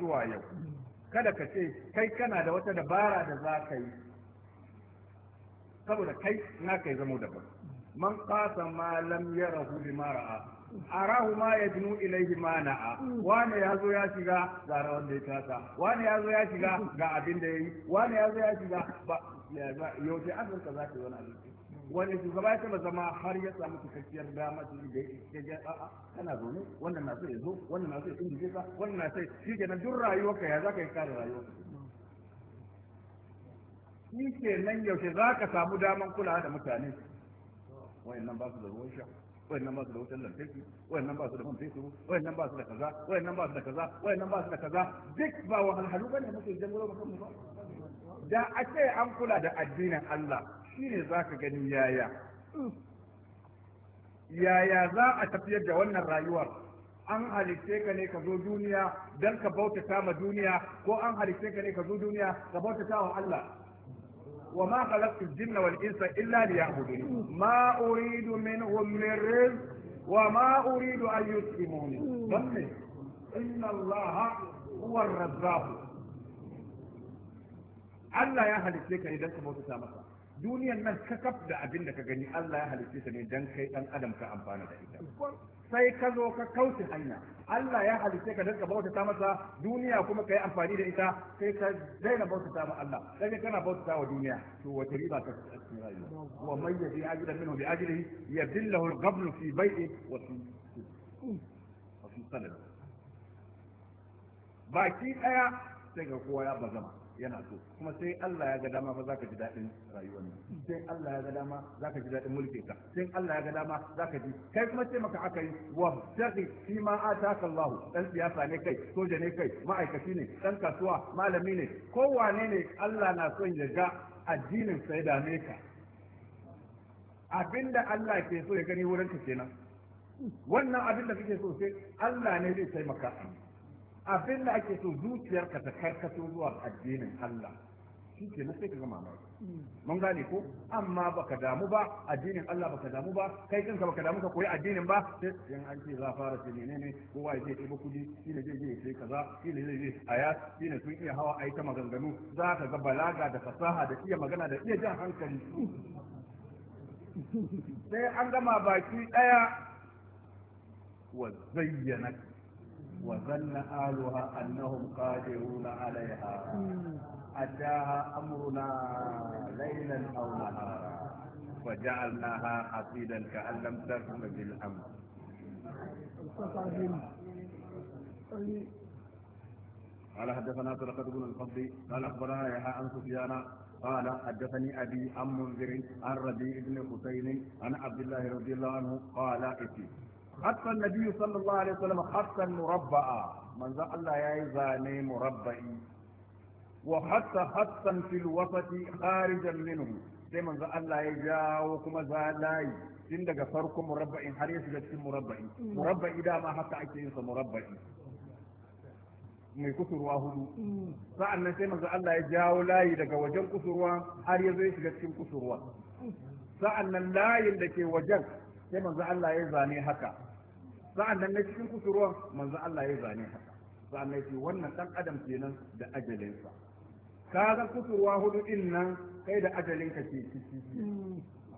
zuwa yau kada ka ce kai kana da wata dabara da za ka yi saboda kai na kai zamo daban man qasa ma lam yarahu bima ra'a arahu ma yajnu ilayhi ma na'a wani yazo ya shiga ga rawan da ya tasa wani yazo ya shiga ga abin da yayi wani yazo ya shiga ba yau sai azurka za ta yi wani abin wani su gaba ya taba zama har ya samu cikakkiyar dama su da ya ga a'a kana zaune wannan na so ya zo wannan na so ya tunje ka wannan na so shi kenan duk rayuwar ka ya za ka yi kare rayuwar. rayuwarka shi kenan yaushe za ka samu daman kulawa da mutane nan ba su da ruwan sha nan ba su da wutar lantarki nan ba su da man fetur nan ba su da kaza nan ba su da kaza nan ba su da kaza duk ba wahalhalu bane muke jangolo ba kanmu ba da a ce an kula da addinin Allah shine zaka gani yaya yaya za a tafiyar da wannan rayuwar an halitte ka ne ka zo duniya don ka bautata ma duniya ko an halitte ka ne ka zo duniya ka bautata wa Allah wa ma khalaqtu jinna wal insa illa liya'budun ma uridu minhum min rizq wa ma uridu an yut'imuni dan inna Allah huwa ar-razzaq Allah ya halitte ka ne don ka bautata masa duniyan nan kakaf da abin da ka gani Allah ya halitta ta ne dan kai dan adam ka amfana da ita sai ka zo ka kauce hanya Allah ya halitta ka dinka bauta ta masa duniya kuma kai amfani da ita sai ka daina bauta ta ma Allah sai kana bauta ta wa duniya to wata riba ka cikin rayuwa wa man yaji ajran minhu bi ajrihi yadillahu al-qabl fi bai'i wa fi sanad baki daya sai ga kowa ya bazama yana so kuma sai Allah ya ga dama fa zaka ji dadin rayuwar nan sai Allah ya ga dama zaka ji dadin mulkin ka sai Allah ya ga dama zaka ji kai kuma sai maka aka yi wa taqi shi ma ataka Allah dan siyasa ne kai soja ne kai ma'aikaci ne dan kasuwa malami ne kowane ne Allah na son ya ga addinin sa ya dame ka abinda Allah ke so ya gani wurin ka kenan wannan abinda da kake so sai Allah ne zai taimaka maka abin da ake so zuciyarka ta karkato zuwa addinin Allah shi ke na sai ka gama mai mun gane ko amma baka damu ba addinin Allah baka damu ba kai kanka baka damu ka koyi addinin ba sai in an ce za fara ce menene ko wai je ɗebo kudi shi ne zai je sai kaza shi ne zai je aya shi ne sun iya hawa a yi ta maganganu za ka ga balaga da fasaha da iya magana da iya jan hankali sai an gama baki ɗaya wa zayyanaka وظن أهلها أنهم قادرون عليها أتاها أمرنا ليلا أو نهارا فجعلناها حصيدا كأن لم تكن بالأمر قال حدثنا قد بن الفضل قال أخبرنا يا عن سفيان قال حدثني أبي عن منذر عن ربيع بن حسين عن عبد الله رضي الله عنه قال إتي hatta nabi sallallahu alaihi wasallam hatta murabba'a manzo Allah yayi zane murabba'i wa hatta hatta fil wasati kharijan minhu sai manzo Allah ya jawo kuma za layi tun daga farkon murabba'in har ya shiga cikin murabba'i murabba'i dama haka ake yin sa murabba'i mai kusurwa hudu sa'an nan sai manzo Allah ya jawo layi daga wajen kusurwa har ya zo ya shiga cikin kusurwa sa'an nan layin da ke wajen sai manzo Allah ya zane haka sa'an nan na cikin kusurwan manzo Allah ya zane haka sa'an nan wannan ɗan adam kenan da ajalinsa kaga kusurwa hudu din nan kai da ajalinka ke ciki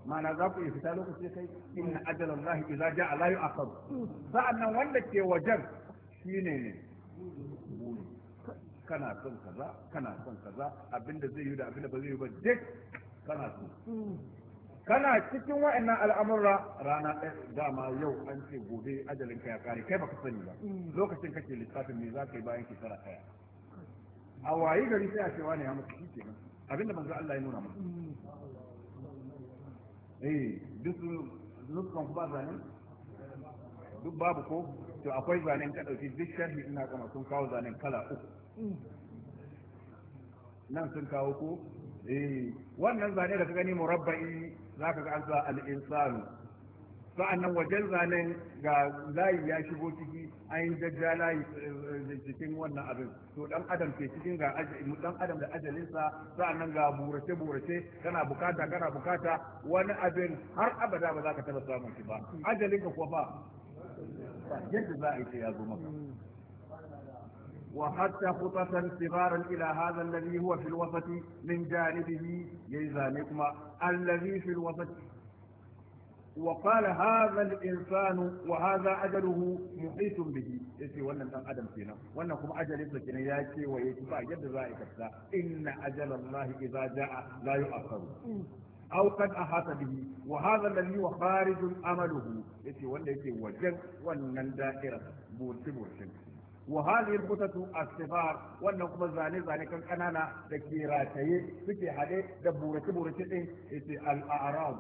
ma'ana za ku iya fita lokaci kai inna ajalan lahi idza ja'a la yu'akhad sa'an nan wanda ke wajen shine ne kana son kaza kana son kaza abinda zai yi da abinda ba zai yi ba duk kana so kana cikin wa'annan al'amurra rana ɗaya dama yau an ce gobe ajalin ka ya kare kai baka sani ba mm. lokacin kake lissafin me za ka yi bayan shekara ɗaya a wayi gari sai a ce wani ya mutu shi abinda manzo Allah ya nuna mutu mm. eh duk nutsan ku ba zanen duk babu ko to akwai zanen ka ɗauki duk sharhi ina kama sun kawo zanen kala uku mm. nan sun kawo ko eh wannan zane da ka gani murabba'i za ka ga an sa al'insanu sa'annan wajen zanen ga layi ya shigo ciki yi jajja layi eh, eh, cikin wannan abin to dan adam ke cikin ga dan adam da ajalinsa sa'annan ga burace burace kana bukata kana bukata wani abin har abada ba za ka taba samun shi ba ajalinka kuwa ba yadda za a yi ya zo maka وحتى خطة صغارا إلى هذا الذي هو في الوسط من جانبه يزانكما الذي في الوسط وقال هذا الإنسان وهذا أجله محيط به يسي ولن ان أدم فينا وانا كم أجل يسكن ياكي ويتبع يد ذلك إن أجل الله إذا جاء لا يؤخر أو قد أحاط به وهذا الذي هو خارج أمله يسي ولن يكون وجن ولن دائرة بوتي بوتي hali rubutatu الصغار wannan kuma zane zane kan kanana da ke rataye suke hade da burace burace din yace al-a'rab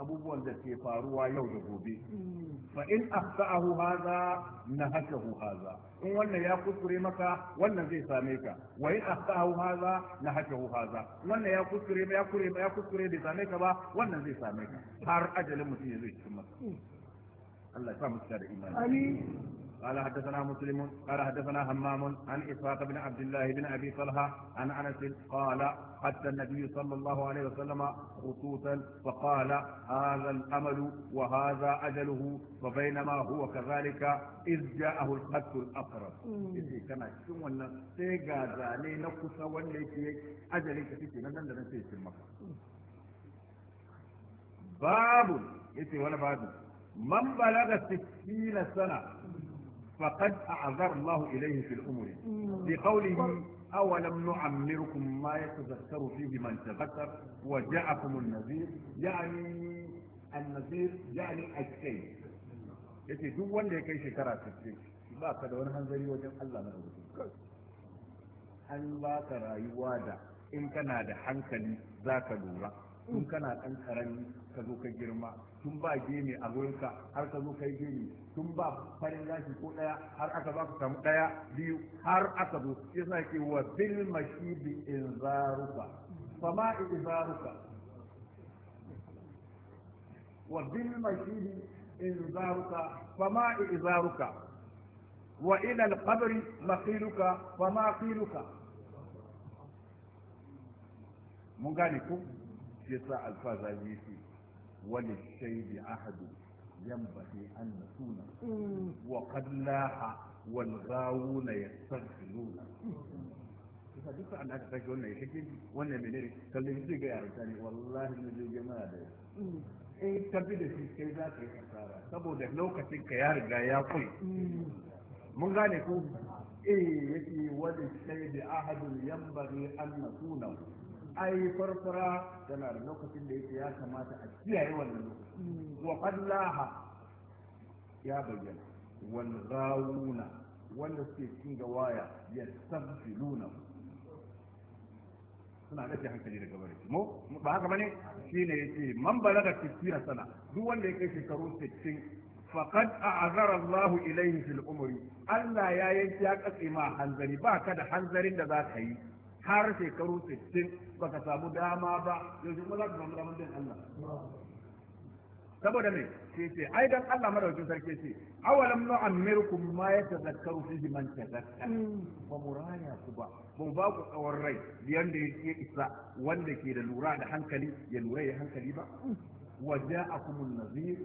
abubuwan da ke faruwa yau da gobe hmm. fa in akhsa'ahu hadha nahakahu hadha in wannan ya kuskure maka wannan zai same ka wa in akhsa'ahu hadha nahakahu hadha wannan ya kuskure ya kure ya kuskure bai same ka ba wannan zai same ka har ajalin mutum ya zai cikin maka hmm. Allah ya sa mu da imani amin قال حدثنا مسلم قال حدثنا همام عن إسحاق بن عبد الله بن أبي طلحة عن أنس قال حتى النبي صلى الله عليه وسلم خطوطا فقال هذا الأمل وهذا أجله وبينما هو كذلك إذ جاءه الخط الأقرب إذ كما شو أن سيقى ذالي نقص ونيكي أجلك في نسيت المقر باب يتي ولا باب من بلغ 60 سنة فقد أعذر الله إليه في الأمور بقوله أولم نعمركم ما يتذكر فيه من تذكر وجاءكم النذير يعني النذير يعني الشيء yace duk wanda ya kai shekara 60 ba ka da wani hanzari wajen Allah na rubutu an ba ka rayuwa da in kana da hankali za ka lura in kana ɗan karami ka zo ka girma tun ba gene a wurinka har ka zo ka yi gene tun ba farin gashi ko ɗaya har aka za ka samu ɗaya biyu har aka zo sa ke wa bil fa ma fama zaruka. wa bil fa ma fama zaruka wa ila al-qabri maqiluka fama qiluka mun gane ku shi yasa alfaza ne shi wani shaidi ahadu ينبغي أن نكون وقد لاح والغاوون يستغفرون kusa duk sa'an da aka sake wannan ya shige wannan menene kallon shi ga yaran tani wallahi na je jama'a da eh tabi da shi kai za ka yi kasara saboda lokacin ka ya riga ya kai mun gane ko eh yake wani shaidi ahadun yanbaghi an nakuna ai farfara tana da lokacin da yake ya kamata a kiyaye wannan lokaci wa qallaha ya bayyana wal rawuna wanda suke cikin gawaya luna suna da hankali daga bare mu ba haka bane shine yace man balaga 60 sana duk wanda ya kai shekaru 60 faqad a'azara Allahu ilayhi fil umri Allah ya yanki ya katse ma hanzari ba ka da hanzarin da za ka yi har shekaru 60 baka samu dama ba yanzu kuma za ka samu daman bin Allah saboda me sai ce ai dan Allah madaukakin sarki ce awalam nu amirkum ma yatazakkaru fihi man tazakkara wa muraya kuba ba ba ku tsawon rai da ya isa wanda ke da lura da hankali ya lura ya hankali ba wa ja'akumun nazir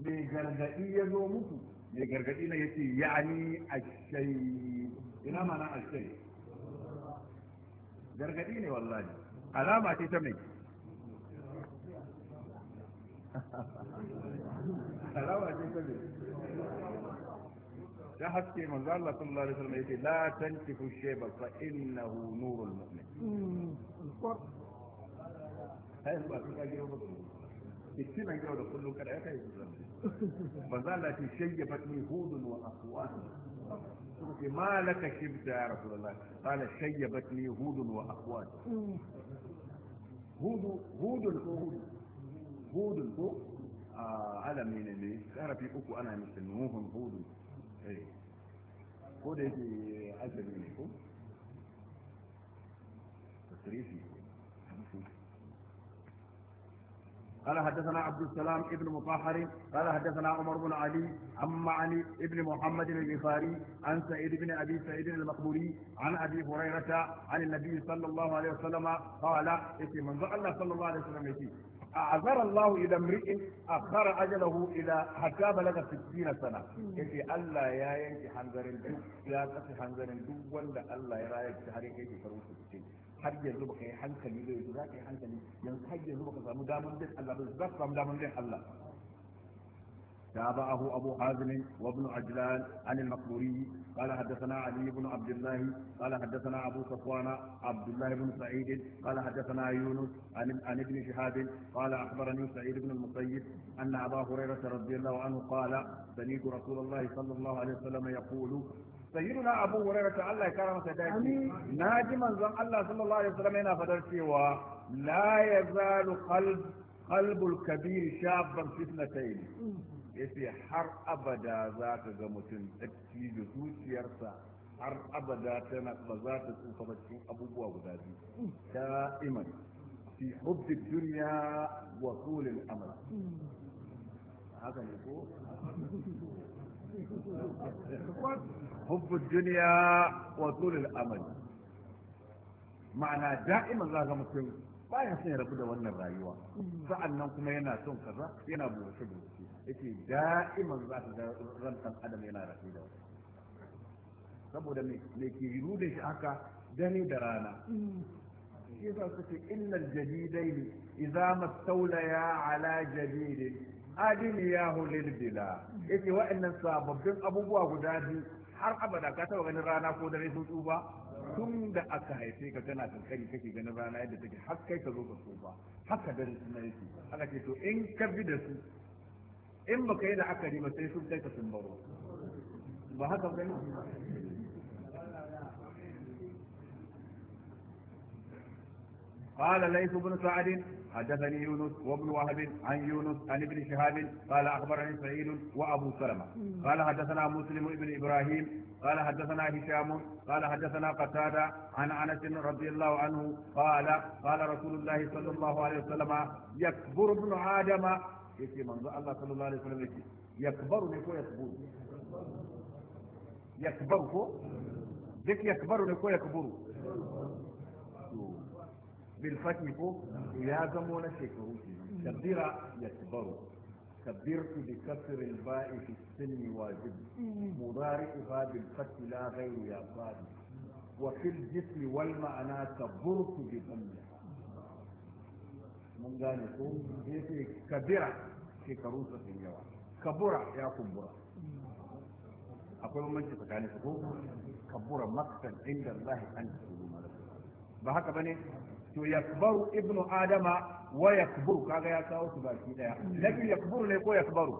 me gargadi ya zo muku Me gargadi na yace ya'ani ashai ina mana ashai gargadi ne wallahi alama ce ta mai alama ce ta mai ta haske manzo Allah sallallahu alaihi wasallam yace la tankifu shayba fa innahu nurul mu'min hai ba su ka gero ba kittinan yau da kullum kada ya kai manzo Allah ce shayba ni hudun wa aswat ما لك شبت يا رسول الله قال شيبتني هود واخواتي hudu hudun ko hudu hudun ko a alami ne ne karafi uku ana masa nuhun hudu eh. ko da yake azumi ne ko tasrifi قال حدثنا عبد السلام ابن مطهر قال حدثنا عمر بن علي عن معن ابن محمد الغفاري عن سعيد بن ابي سعيد المقبوري عن ابي هريره عن النبي صلى الله عليه وسلم قال اتي من الله صلى الله عليه وسلم يتي أعذر الله إلى امرئ أخر أجله إلى حتى بلغ 60 سنة يتي الله يا ينكي حنزر الدو يا قصي حنزر الدو ولا الله يرايك تحريك يتي فروس الدو har yanzu baka yi hankali da yanzu za ka yi hankali yanzu har yanzu baka samu damar bin Allah ba za ka samu damar bin Allah تابعه أبو حازم وابن عجلان عن المقبوري قال حدثنا علي بن عبد الله قال حدثنا أبو صفوان عبد الله بن سعيد قال حدثنا يونس عن, عن ابن شهاب قال أخبرني سعيد بن المسيب أن أبا هريرة رضي الله عنه قال سمعت رسول الله صلى الله عليه وسلم يقول sayyiduna abu hurairah ta Allah ya kara masa dace na ji manzon Allah sallallahu alaihi wasallam yana fadar cewa la yazalu qalb qalbul kabir shabban fitnatayn mm. yace har abada za ka ga mutum zuciyarsa har abada tana ba za ta tsufa ba cikin abubuwa guda biyu mm. da'iman fi hubbi duniya wa tulil amal mm. haka ne ko حب الدنيا wa الامل معنى ma'ana da'iman za ga mutum baya son ya rabu da wannan rayuwa nan kuma yana son kaza yana buwace buwace yake da'iman za ka ga ran adam yana rafi da wani saboda me ke yiwu da shi haka dare da rana shi yasa suke illal jadidai idza ya ala jadidin adiliyahu lil bila yace wa'annan sababbin abubuwa guda biyu har abada ka taba ganin rana ko dare sun tsufa tun da aka haife ka kana kankani kake ganin rana yadda take har kai ka zo ka tsufa haka dare suna yake haka ce to in ka bi da su in baka yi da aka ba sai sun kai ka sun baro ba haka ba ne قال ليس ابن سعد حدثني يونس وابن وهب عن يونس عن ابن شهاب قال اخبرني سعيد وابو سلمه قال حدثنا مسلم بن ابراهيم قال حدثنا هشام قال حدثنا قتاده عن انس رضي الله عنه قال قال رسول الله صلى الله عليه وسلم يكبر ابن ادم يكي منذ الله صلى الله عليه وسلم يكي يكبر نكو يكبر يكبر ذك يكبر نكو يكبر بالفتح فوق يا زمونة شكروتي كبيرة يكبر كبرت بكسر الباء في السن واجب مضارعها بالفتح لا غير يا صادق وفي الجسم والمعنى كبرت بفمها من قال يقول هي كبيرة شكروتة يا واحد كبرة يا كبرة أقول من شكرا يعني كان يقول كبرة مقتل عند الله أن تقول ما لك بهكذا بني to yakbaru ibnu adama wa yakbur kaga ya kawo su baki daya na biyu yakburu ne ko yakbaru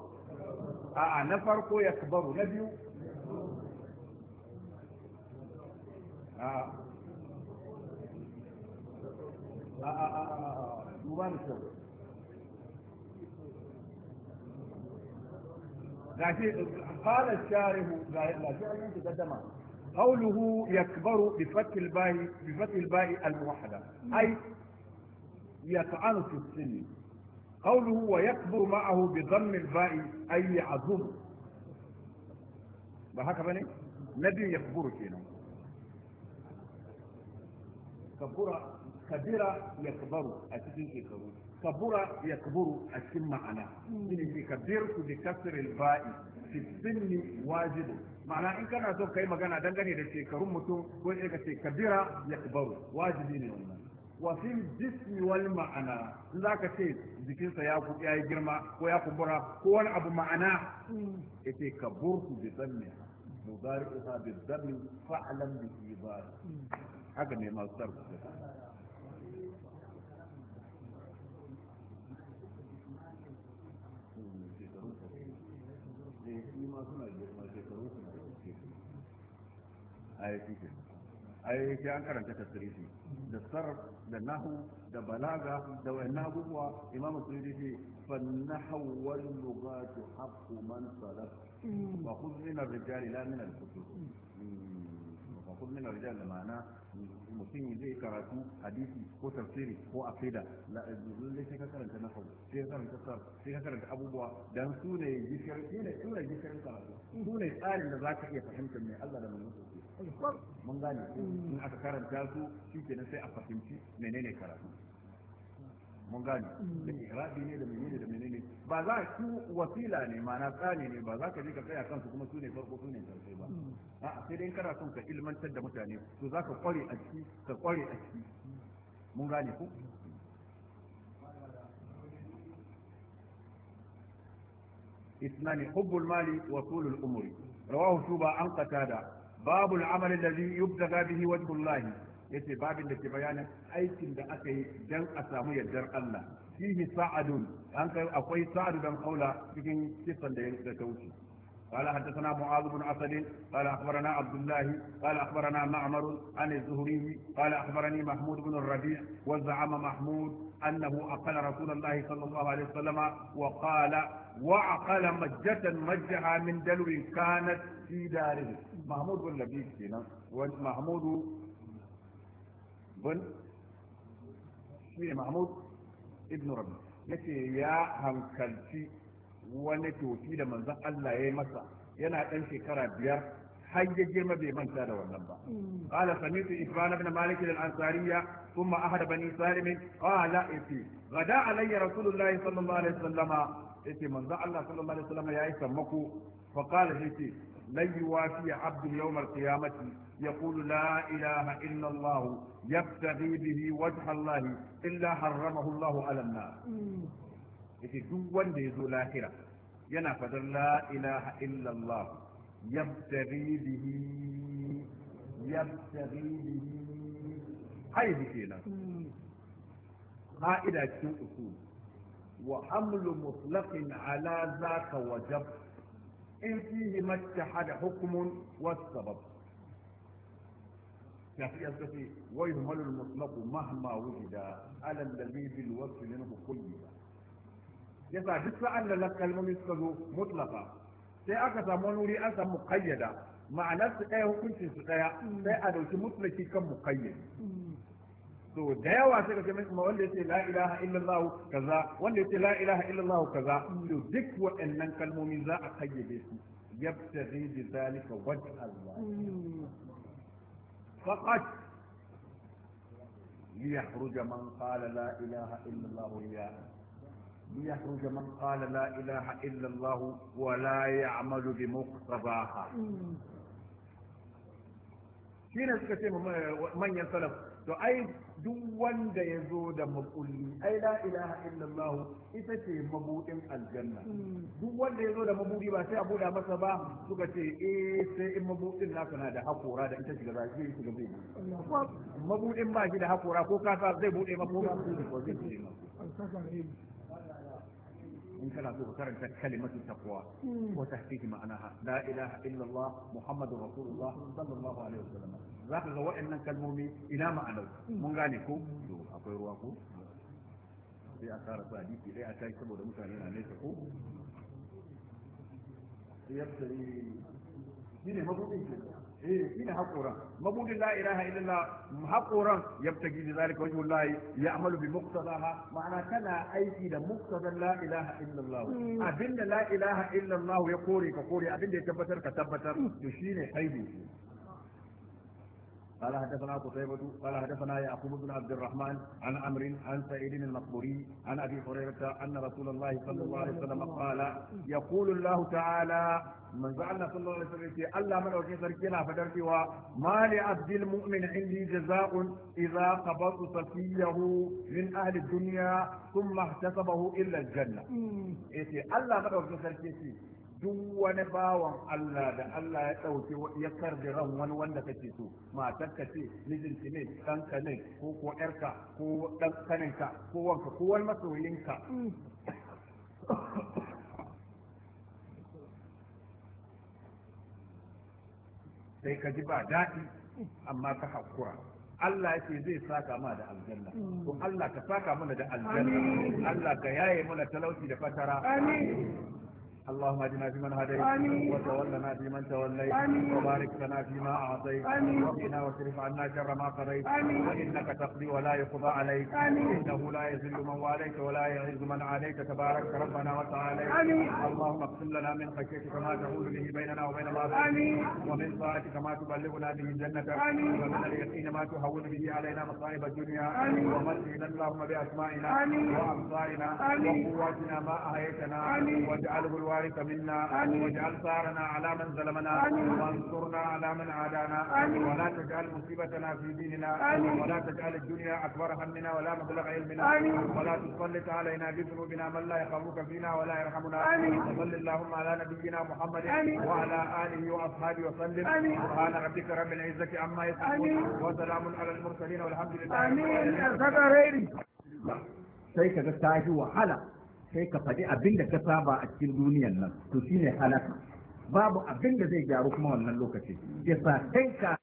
a'a na farko yakbaru na biyu a'a a a duba da kyau gashi qala sharihu gashi an yi gaddama قوله يكبر بفتح الباء بفتح الباء الموحده اي يتعالى في السن قوله ويكبر معه بضم الباء اي يعظم بهاك بني نبي يكبر كده كبر كبيره يكبر اتين يكبر كبر يكبر اتين معناه من بكسر الباء في السن واجب ma'ana in kana so kai magana dangane da shekarun mutum ko in ka ce kabira ya kubaru wajibi ne wannan wa fi jismi wal ma'ana in zaka ce jikinsa ya ku yayi girma ko ya kumbura ko wani abu ma'ana yace kaburtu bi dhammi mudari'uha bi dhammi fa'lam bi ibad haka ne ma sarfu eh, ma suna girma shekaru suna ayati ke an karanta tasrifi da sar da nahu da balaga da na abubuwa imamu suyuti ce فالنحو واللغات حق من صدق وخذ من الرجال لا من الكتب وخذ من الرجال ma'ana mutum zai karatu hadisi ko tafsiri ko aqida lallai sai ka karanta na hau sai ka karanta sar sai ka karanta abubuwa dan su ne gishiyar su ne su ne gishiyar karatu su ne tsarin da zaka iya fahimtar me Allah da manzon mun gane in aka karanta su shikenan sai a fahimci menene karatu mun gane da irabi ne da menene da menene ba za su wasila ne ma'ana tsani ne ba za ka je ka tsaya kansu kuma su ne farko su ne karshe ba a'a sai dai kana son ka ilmantar da mutane to za ka kware a ciki ka kware a ciki mun gane ku اثنان حب المال وطول الأمر رواه شوبة عن قتادة باب العمل الذي يبتغى به وجه الله yace babin da ke bayanin aikin da aka yi dan a samu yardar Allah fihi sa'adun an kai akwai sa'adu dan kaula cikin kisan da ta wuce قال حدثنا معاذ بن اسد قال اخبرنا عبد الله قال اخبرنا معمر عن الزهري قال اخبرني محمود بن الربيع وزعم محمود انه اقل رسول الله صلى الله عليه وسلم وقال وعقل مجة مجها من دلو كانت في داره محمود بن الربيع كنا ومحمود بن محمود ابن ربيع يا هم hankalci wani tofi da manzon Allah ya yi masa yana ɗan shekara biyar har ya girma bai manta da wannan ba mm. qala sami'tu ibn ibn malik al-ansariya thumma ahad bani salim qala iti gada alayya rasulullahi sallallahu alaihi wasallama yace manzon Allah sallallahu alaihi wasallama yayi sammako fa qala yace lan yuwafi abdu yawm al-qiyamati يقول لا إله إلا الله يبتغي به وجه الله إلا حرمه الله على النار yace duk wanda ya zo lahira yana fadar la ilaha illallah yabtaghi bihi yabtaghi bihi haihu kenan قاعدة cikin usul وحمل مطلق على ذاك وجب إن فيه ما اتحد حكم والسبب شافعي الكفي ويهمل المطلق مهما وجد على الذي بالوصف منه قيد yasa duk sa'an da kalmomi suka zo mutlaka sai aka samu wani wuri an samu muqayyada ma'anar su ɗaya hukuncin su ɗaya sai a dauki mutlaki kan muqayyad to da yawa sai ka ga kuma wanda yace la ilaha illallah kaza wanda yace la ilaha illallah kaza to duk waɗannan kalmomi za a kayyade su yabtaghi bi zalika wajh Allah faqat liyahruja man qala la ilaha illallah ya ليخرج من قال لا إله إلا الله ولا يعمل بمقتضاها shi ne suka ce manyan salaf to ai duk wanda ya zo da makulli ai la ilaha illallah ita ce mabudin aljanna duk wanda ya zo da mabudi ba sai a buda masa ba suka ce eh sai in mabudin naka na da hakora da ita shiga zai shiga zai mabudin ba shi da hakora ko kasa zai bude maka ko zai bude maka in kana so ka karanta kalimatu taqwa ko hmm. tahqiqi ma'anaha la ilaha illallah muhammadur rasulullah sallallahu alaihi wasallam zaka ga wa'annan kalmomi ina ma'anar hmm. mun gane ko to akwai ruwa ko sai a kara su hadisi dai a tashi saboda mutane na nesa ko yabtari shine mabudin kenan eh shine haƙoran mabudin la ilaha illallah haƙoran yabtagi bi zalika wajhu ya ya'malu bi muqtadaha ma'ana kana aiki da muktazan la ilaha illallah abinda la ilaha illallah ya kore ka kore abinda ya tabbatar ka tabbatar to shine aibi قال حدثنا قتيبة قال حدثنا يعقوب بن عبد الرحمن عن أمر عن سعيد المقبوري عن ابي هريرة ان رسول الله صلى الله عليه وسلم قال يقول الله تعالى من زعلنا صلى الله عليه وسلم الله من اوكي سركينا فدرتي وما لعبد المؤمن عندي جزاء اذا قبضت صفيه من اهل الدنيا ثم احتسبه الا الجنة. إيه الله من اوكي سركينا duk wani bawan Allah da Allah ya ɗauke ya karbi ran wani wanda kake so matarka ce mijinki ne ɗanka ne ko ko ƴarka ko ɗan kaninka ko wanka ko wani masoyinka sai ka ji ba daɗi amma ka haƙura Allah yake zai saka ma da aljanna to mm. Allah ka saka mana da aljanna Allah ka yaye mana talauci da fatara amin اللهم اهدنا فيمن هديت وتولنا فيمن توليت وبارك لنا فيما اعطيت وقنا واصرف عنا شر ما قضيت وانك تقضي ولا يقضى عليك انه لا يذل من واليت ولا يعز من عليك تبارك ربنا وتعالى اللهم اقسم لنا من خشيتك ما تحول به بيننا وبين معصيتك ومن طاعتك ما تبلغنا به جنتك ومن اليقين ما تهون به علينا مصائب الدنيا ومتعنا اللهم باسمائنا وامصارنا وقواتنا ما احييتنا واجعله الوحيد تبارك منا واجعل ثارنا على من ظلمنا وانصرنا على من عادانا ولا تجعل مصيبتنا في ديننا ولا تجعل الدنيا أكبر همنا ولا مبلغ علمنا ولا تسلط علينا بذنوبنا من لا يخافك فينا ولا يرحمنا وصل اللهم على نبينا محمد وعلى آله وأصحابه وسلم سبحان ربك رب العزة عما يصفون وسلام على المرسلين والحمد لله آمين sai ka ga ta yi wahala sai ka faɗi abin da ka saba a cikin duniyan nan to shine halaka babu abin da zai gyaru kuma wannan lokacin, ya sa kai ka